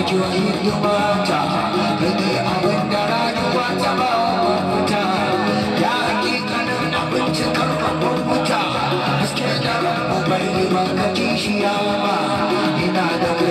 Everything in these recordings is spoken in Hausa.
nake wa hidima ta kai da rayuwa ta ba wa fita ya hakikanin abincin wuta haske da bai yi ba ka kishiya ina da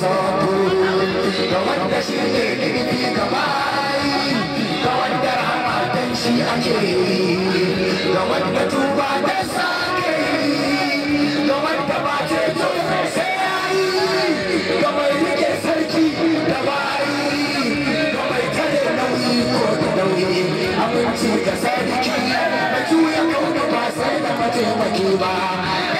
sabo ga girbi ga bayi ga shi ake sarki da bayi da sarki da ba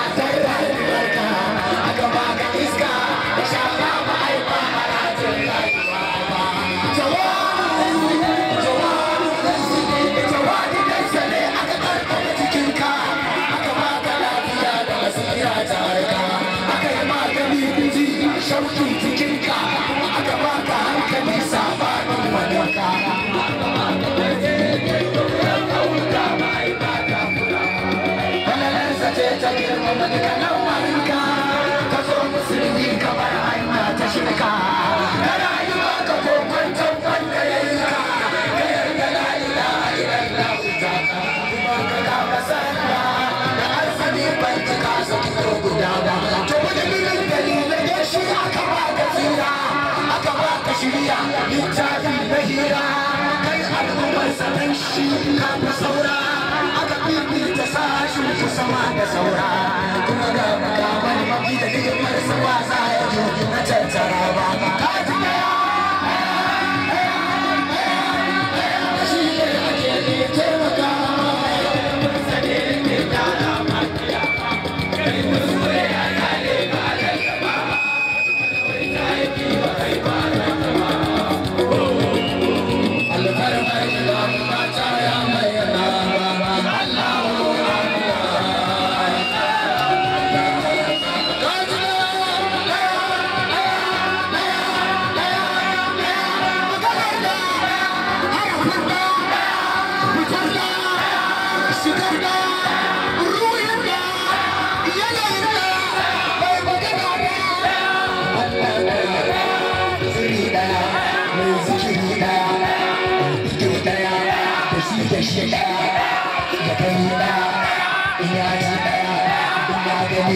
littafi na hira kai al'ummarsa don shi kafin saura aka sa, sashin sama da saura kuma ga mafi da ni'imar sa ba za ya na tattara ba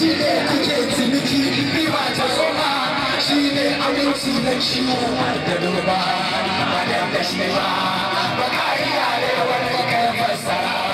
shi ne ake ciniki riba ta tsoma shi ne aminci na ciwo da duba ba da kashi ba ba ka iya da wani kai fassara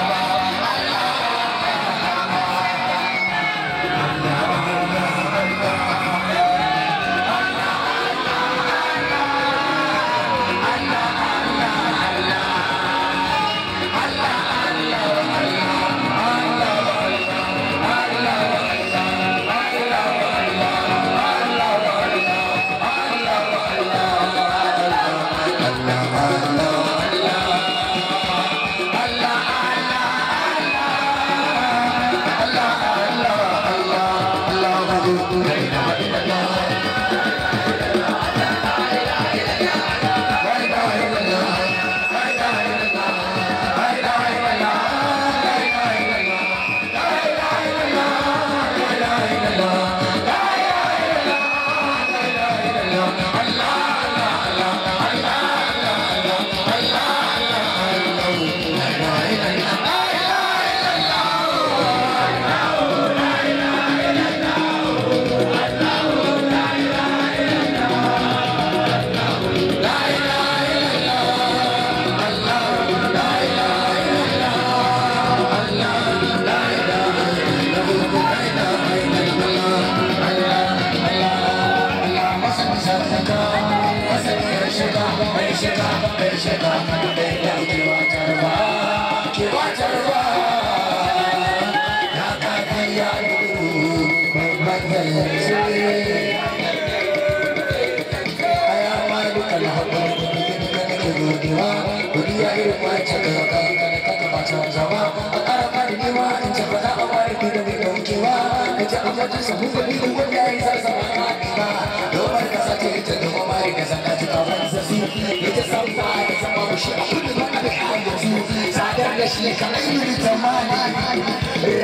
dattawa a ƙara ba da nema in ce ba a ware ni da mai ɗaukewa na ji an wajen sa mu gani da wanda ya yi zarsa ba ta ba domin ka ce ita da kuma da kasa ta ci kawai sassi ya ta san ba da sama mu shi a kudu ba a da yanzu sadar da shi kan ayyuri ta mani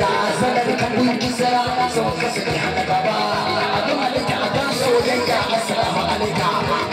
razanar kalin gizara sau kasa kai hana gaba a duk halitta a dan soyayya assalamu alaikum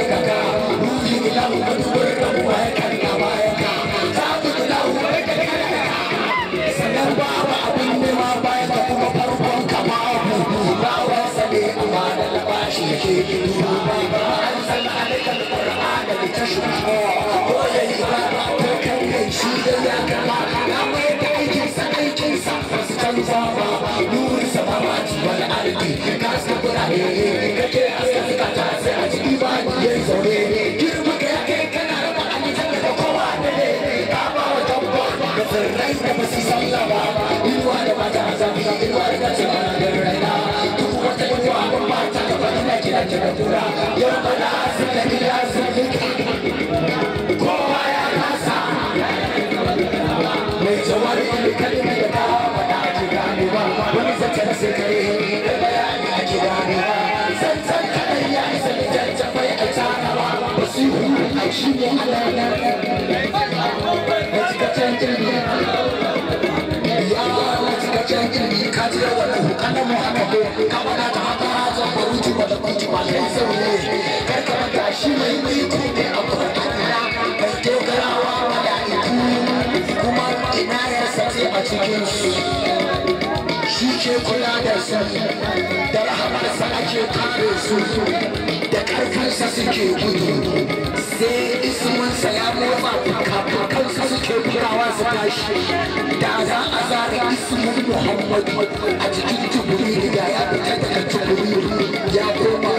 kace a a ciki ba ya zaune girma ka yake ba wa tabba ga tsirrai a zafi a cikin ba wani zace da sai akwai a tsarawa da su a shi ne alaƙar da a kwanakira kuma ina a cikin su shi ke kula da su da rahamarsa ake kare su da karfinsa suke gudu sai ismansa ya motsa fuka suke bugawa su tashi da za a zara ismin muhammadu a cikin jibril da ya fita daga jibril ya koma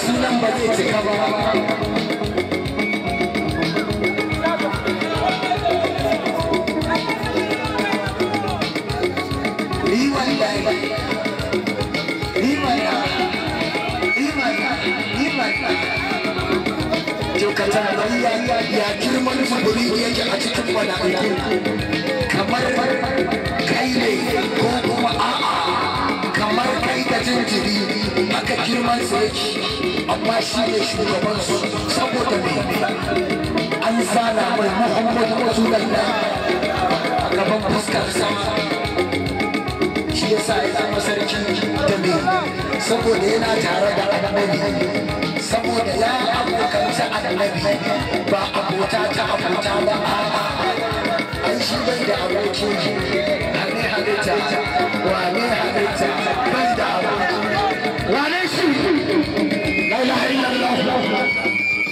sunan ba zai cika ba ya girman tsibiri yake a cikin mala'iku kamar kai ne ko kuma a'a kamar kai da jinjiri aka girman su yake amma shi ne shugaban su saboda me an zana mai muhammadu rasulallah a gaban fuskar sa shi yasa ya zama sarki da me saboda yana tare da annabi saboda ya abokanci annabi ba abota ta abota ba an shi bai da abokin hane halitta wane halitta bai da abokin wane shi lailahar yallahu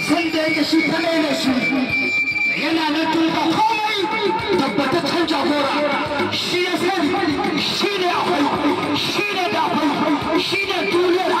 sun da yake shi kadai ne shi yana na tuba komai tabbataccen jagora shi ya sani shi ne akwai shi ne da akwai shi ne duniyar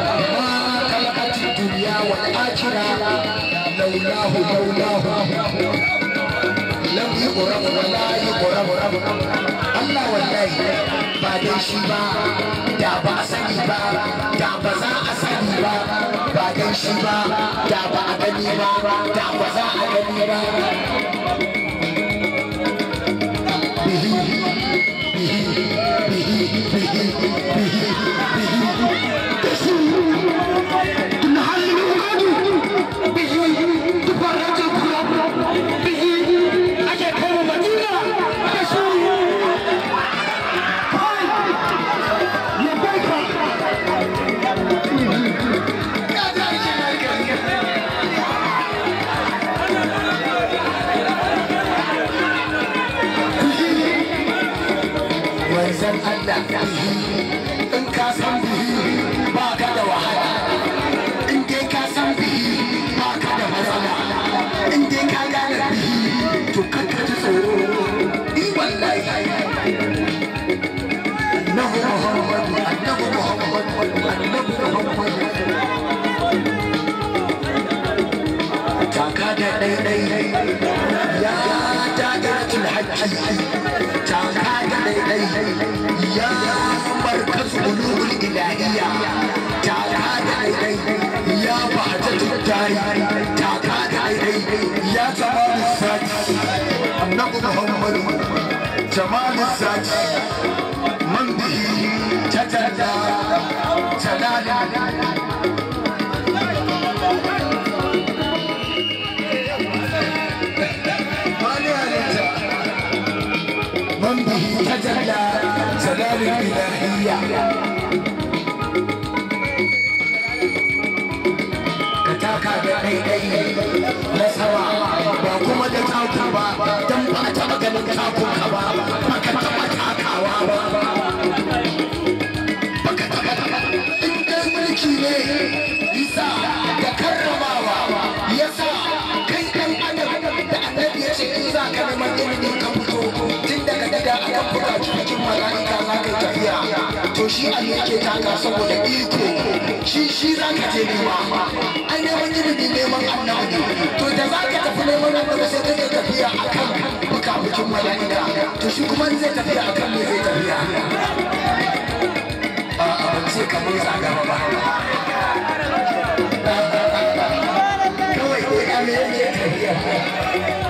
والآخرة مولاه مولاه لم يقرب ولا يقرب الله والله بعد شبا دابا أسني با دابا زا أسني با بعد شبا دابا أدني با دابا زا أدني با به به به به به به Jamali Jamali Saki Mandi Chachata Chalala Yeah, yeah, yeah. saki ba dan ba taɓa ganin ka ba ba ka taɓa takawa ba ba ka taɓa in dai mulki ne isa da karramawa yasa kai kan adam da annabi ya ce in za ka neman ilimin ka buga cikin mala'ika za ka tafiya to shi a yake taka saboda iko shi shi za ka je nema ai neman ilimi neman annabi to da za ka tafi neman annabi sai ka tafiya kan buga cikin mala'ika to shi kuma zai tafiya akan me zai tafiya a ban ce kamar ba kawai ko ya tafiya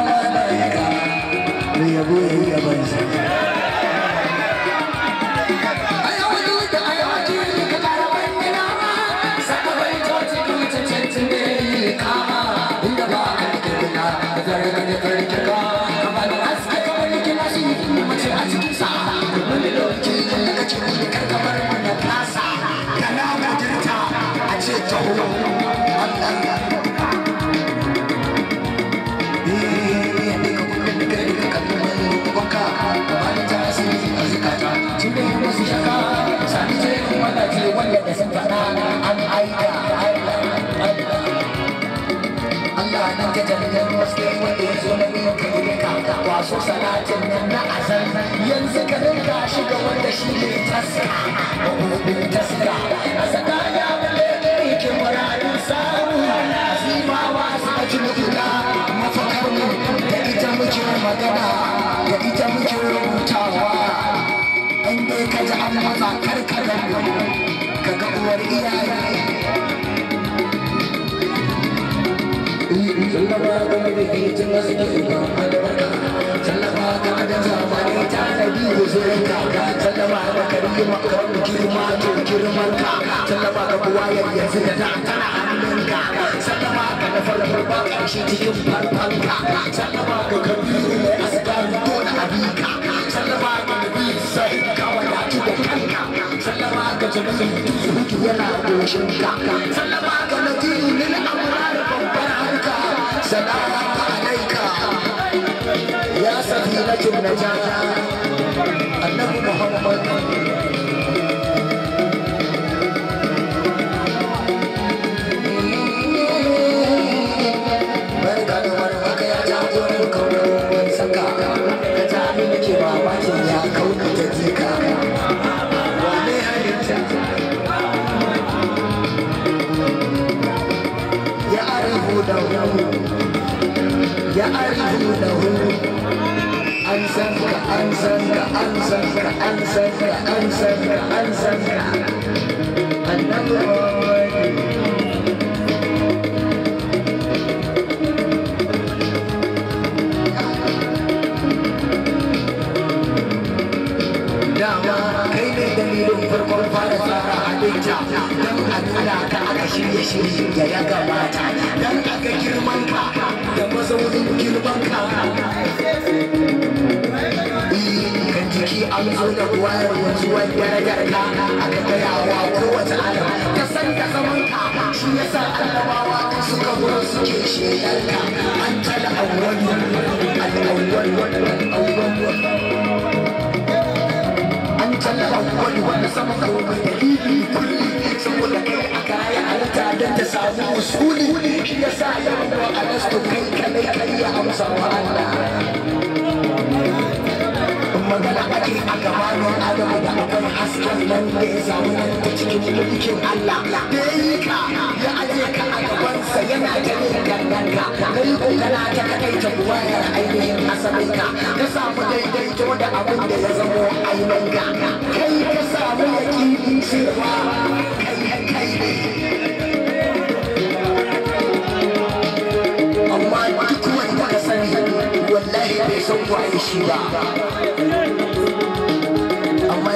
so salatin nan na azal yanzu ka rinka shiga wanda shi ne taska ko mabudin taska a tsakaya bale ne ke murarin samu azimawa suka ji ina mafakar mu da ita muke magana da ita muke rubutawa in dai ka ji an maza karkarar ka ga uwar iyaye sallama ka buwayar yanzu da da tana hannunka sallama ga na farfar ba ƙarshe cikin farfanka sallama ga kabiru mai asgari dole abika sallama ga nabi sai ka wadatu da kanka sallama ga jami'in duhu yana goshin ka sallama ga nadiru lil amrari Ya Safi na Jim Najaja, Annabi Muhammad. أنسك أنسك أنسك أنسك أنسك أنك shirya ya gabata don aka girman ka da mazaunin girman ka an zo da kuwa ya rubuci wanda ya yarda aka gaya wa kowace alam ka san da zaman ka shi ya sa annabawa suka wurin suke shekarka an tala awwali al-awwali al-awwali talla wani wanda sama gobe da ibi kulli saboda kai a kaya halitta don ta samu usuli shi yasa a alastu kai kalai kai ya amsa wa Allah magana ake a gabanin adamu da akwai hasken nan da ya samu nan cikin mulkin Allah da ya yi ka ya aje ka a gabansa yana ta yin gangan ka yi kokana ta kai ta buwayar ainihin asalin ka ka samu daidaito da abin da ya zamo ainihin ka kai ka samu yaƙini cewa kai kai ne wallahi bai san waye shi ba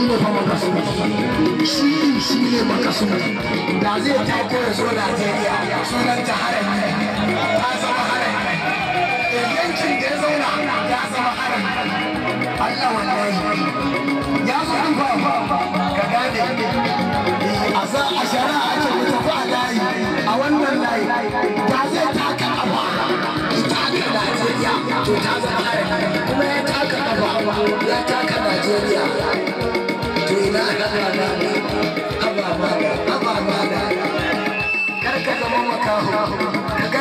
shi ne fa makasu shi shi ne makasu da Najeriya sunan ta ta zama harami eh, yankin da ya zauna ya zama hare. Allah wallahi ya zo fa ka gane eh, a za ake mu tafi a layi a wannan layi da zai taka kafa ita ga Najeriya to ta zama harami kuma ya taka kafa ya taka Najeriya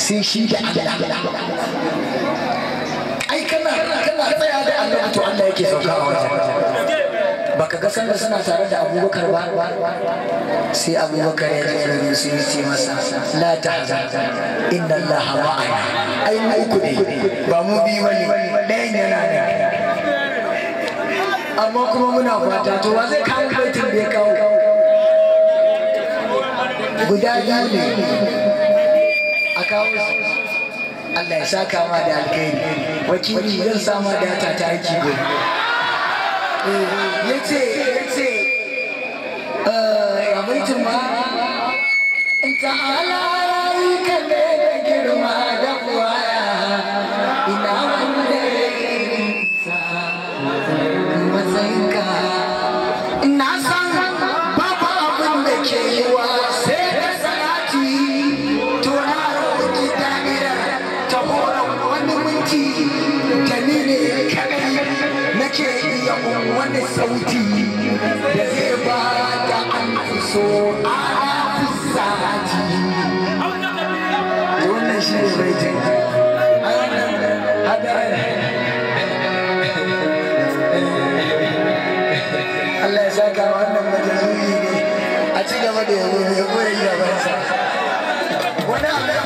sai shi da Allah ai kana kana tsaya da Allah to Allah yake sauka a wajen baka ga sanda suna tare da abubakar ba sai abubakar ya ji rabi su yi ce masa la tahza inna Allah ma'ana ai mu uku ne ba mu bi bane ɗayan yana ne amma kuma muna fata to wa zai kawo baitin da ya kawo guda biyu ne kawo su Allah ya saka ma da alkhairi wakili zan sama da ta aiki gobe eh, ya eh, da zai ba da an ya saka wannan a da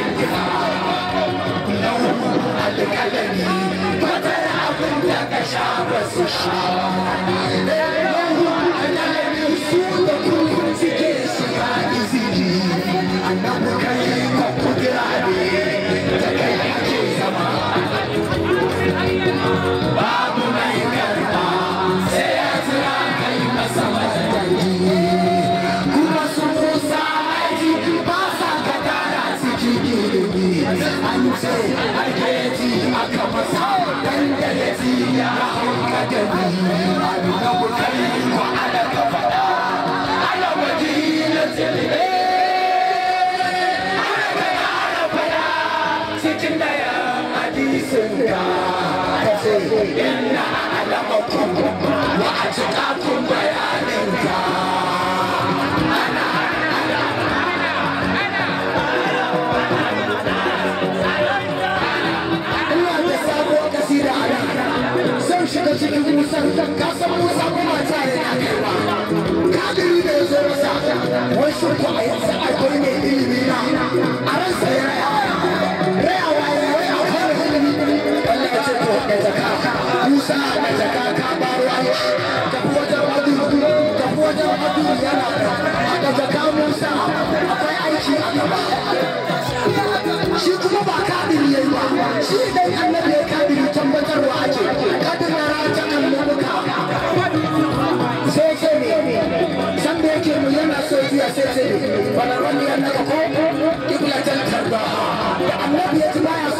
But I will take a shower, so shower. inna alamakum wa atqakum bayanin ka shiga cikin musan kan kasan musa kuma ta yi na kaiwa kadiri da ya zo masa wai sun kwa a yanzu akwai mai ilimi na a ransa ya raya rayawa ya mai zaka musa mai zaka ka baro ayo aiki a gaba ba kadiri ya yi ba ya kadiri tambatarwa ake kadiri na yana so juya sai ce ne da annabi ya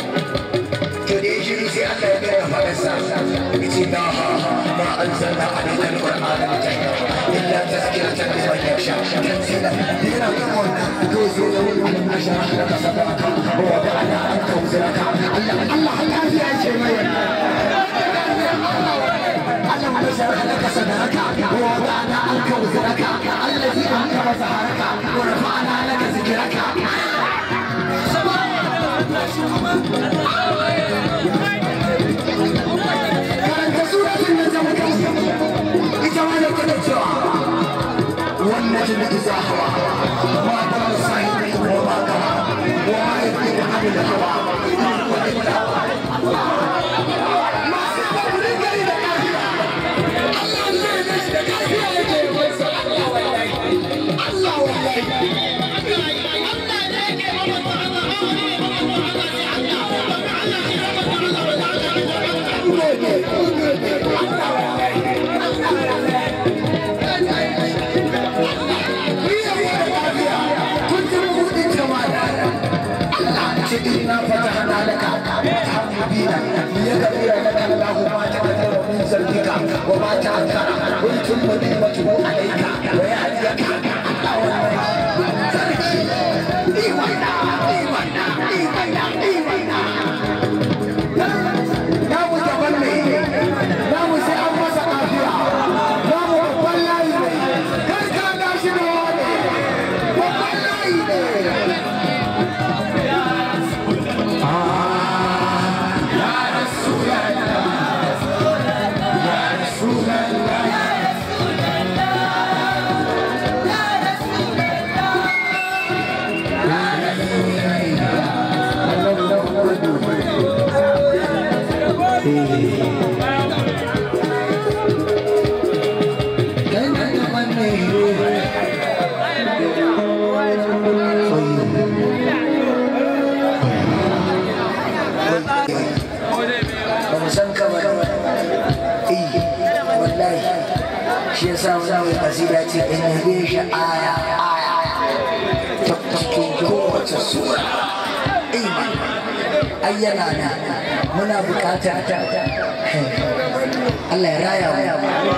a I'm gonna Yeah. Even now, even now, even now, even now. yana na muna bukata Allah ya raya wa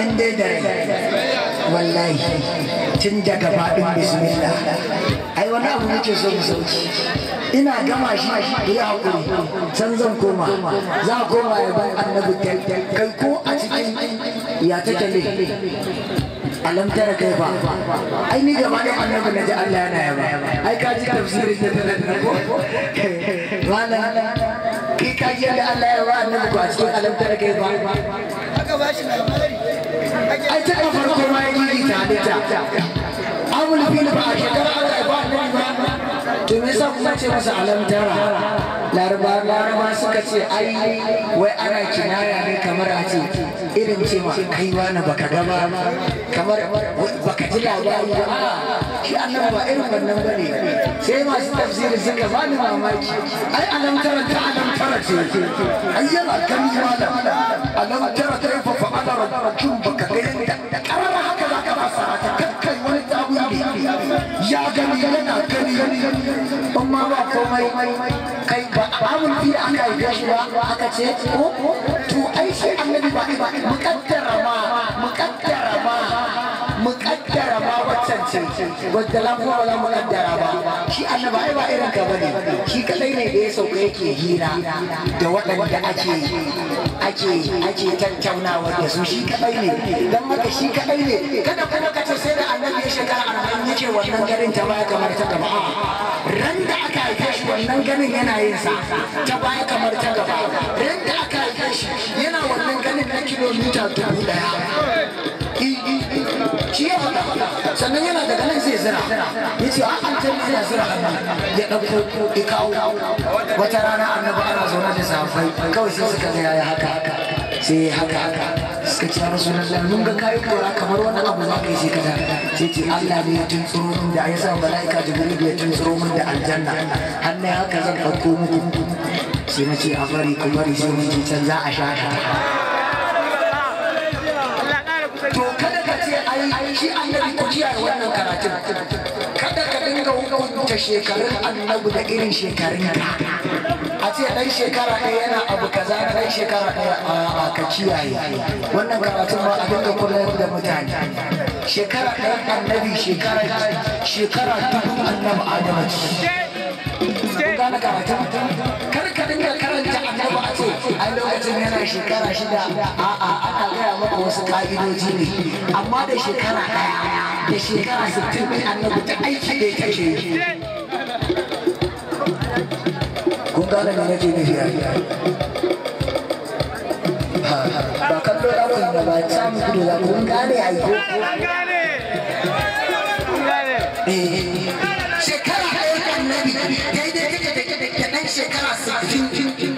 in dai da wallahi tun daga faɗin bismillah ai wani abu muke so mu sauki ina gama shi da ya haƙuri can zan koma za a koma ya bar annabi kai ko a cikin ya take ne alam tara kai ba ai ni gaba da annabi naji Allah yana yaba ai ka ji ta da ko wala ki ka Allah alam tara ba farko ma yi ta ta amul fil ba ba to me yasa kuma ce masa alam tara laraba laraba suka ce ai wai ana kinaya ne kamar a ce irin ce ma kai wani baka gaba kamar baka ji labari ba shi annan ba irin wannan bane sai masu tafsiri suka ba ni mamaki ai alam tara ta alam tara ce ai yana kan yi malam alam tara ta yi fa'ala rabbukum baka ga yadda ya gani yana gani in ma ba komai kai ba abun fi aka yi gashi ba aka ce ko to ai shi annabi ba mukaddara ma wadda la kuma wala muqaddara ba shi annaba ai ba irin ka bane shi kadai ne da ya sauka yake hira da waɗanda ake ake ake tattaunawa da su shi kadai ne dan haka shi kadai ne kada kuma ka ce sai da annabi ya shekara arba'in yake wannan garin ta baya kamar ta gaba ran da aka haife shi wannan ganin yana yin sa ta baya kamar ta gaba ran da aka haife shi yana wannan ganin na kilomita dubu daya shi ya faɗa sannan yana daga nan zai zira ya ce an can yana zira ya ɗauko ya wata rana annabi ana zaune da safai kawai sai suka ga yaya haka haka sai yi haka haka suka ce ya rasu lallan mun ga kayi kora kamar wani abu za ka yi shi kaza sai ce Allah ne ya tuntsuro min da ya sa mala'ika jibril ya tuntsuro min da aljanna hannun haka zan ɗauko muku sai na ce a bari ku bari sai mun ji can za a sha shi annabi ku kiyaye wannan karatun kada ka dinga hukunta shekarun annabi da irin shekarun ka a ce dan shekara ɗaya yana abu kaza na dan shekara ɗaya a ka kiyaye wannan karatun ba a dinga kula da mutane shekara ɗaya annabi shekara shekara dubu annabi adama ce kun gane karatun shekara shida a'a ana gaya maka wasu ka'idoji ne amma da shekara ɗaya da shekara sittin ɗin annabi ta aiki da kake yi kun gane me nake nufi ba kallo yi ba gane eh, shekara ɗaya annabi daidai kake da ɗan shekara sittin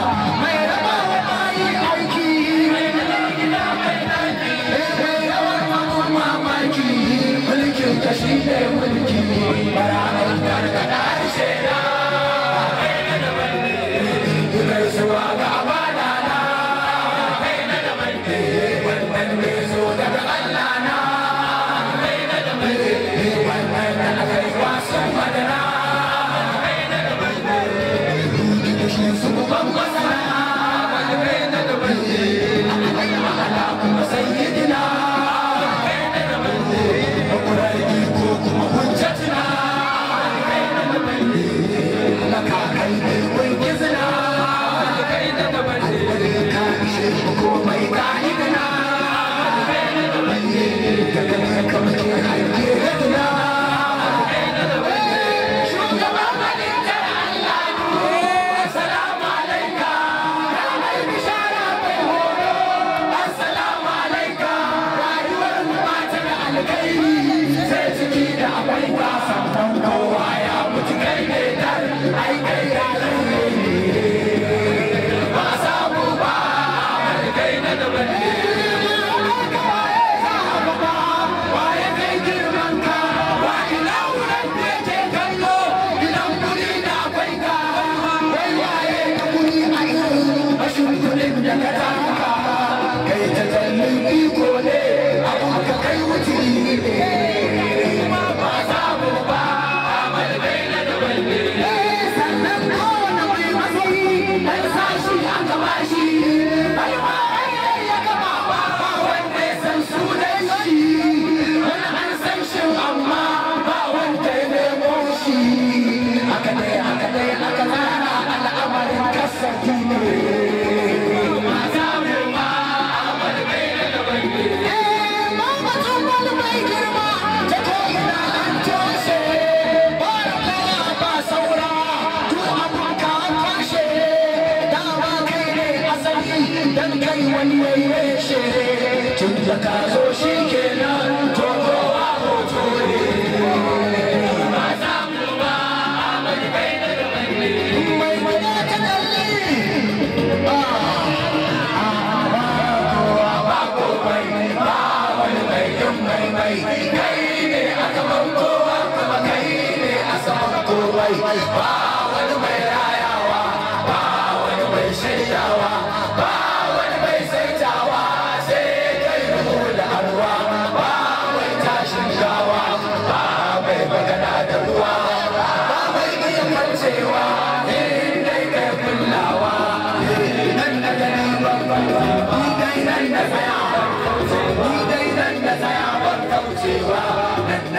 Hey,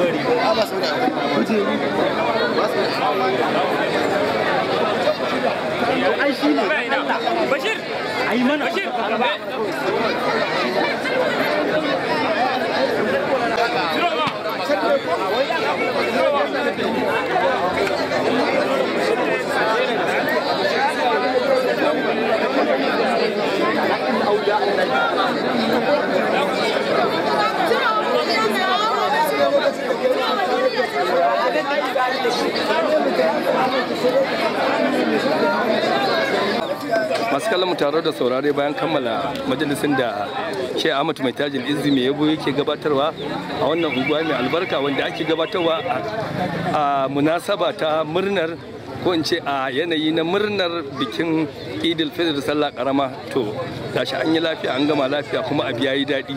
ai shi ne bashir ai mana bashir Thank you. masu kallon mu tare da saurare bayan kammala majalisin da shi ahmad mai tajin izini yabo yake gabatarwa a wannan unguwa mai albarka wanda ake gabatarwa a munasaba ta murnar ko in ce a yanayi na murnar bikin idil fitr sallah karama to gashi an yi lafiya an gama lafiya kuma abu yi daɗi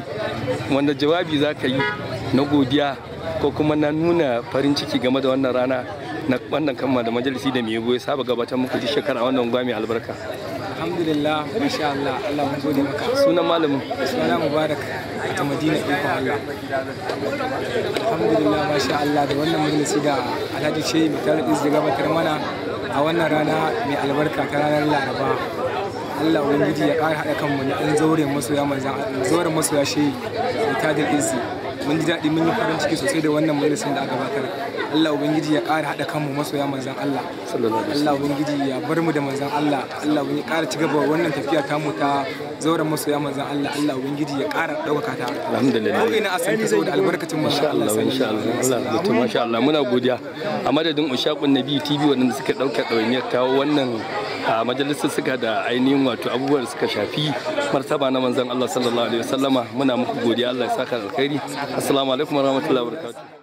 wanda jawabi za ka yi na godiya ko kuma na nuna farin ciki game da wannan rana na wannan kama da majalisi da mai goyi saba gabatar muku ji shekara wannan gwami albarka alhamdulillah masha Allah Allah mun gode maka sunan malamin sunan mubarak ta madina ikon Allah alhamdulillah masha Allah da wannan majalisi da alhaji ce mai tare izi gabatar mana a wannan rana mai albarka ta ranar laraba Allah ubangiji ya ƙara haɗa kanmu na ɗan zaure masoya manzan zaure masoya shehi mai tadil izi mun ji daɗi mun yi farin ciki sosai da wannan majalisar da aka bakar Allah ubangiji ya ƙara haɗa kanmu masoya manzan Allah Allah ubangiji ya bar mu da manzan Allah Allah ubangiji ƙara ci gaba wannan tafiya ta mu ta zauren masoya manzan Allah Allah ubangiji ya ƙara ɗaukaka ta alhamdulillah ko ina asanka saboda albarkacin manzan Allah insha Allah insha Allah masha Allah muna godiya a madadin ushaqun nabi TV wanda suka ɗauka ɗawainiyar kawo wannan a majalisar suka da ainihin wato abubuwan suka shafi martaba na manzan Allah sallallahu alaihi wasallama muna muku godiya Allah ya saka alkhairi السلام عليكم ورحمه الله وبركاته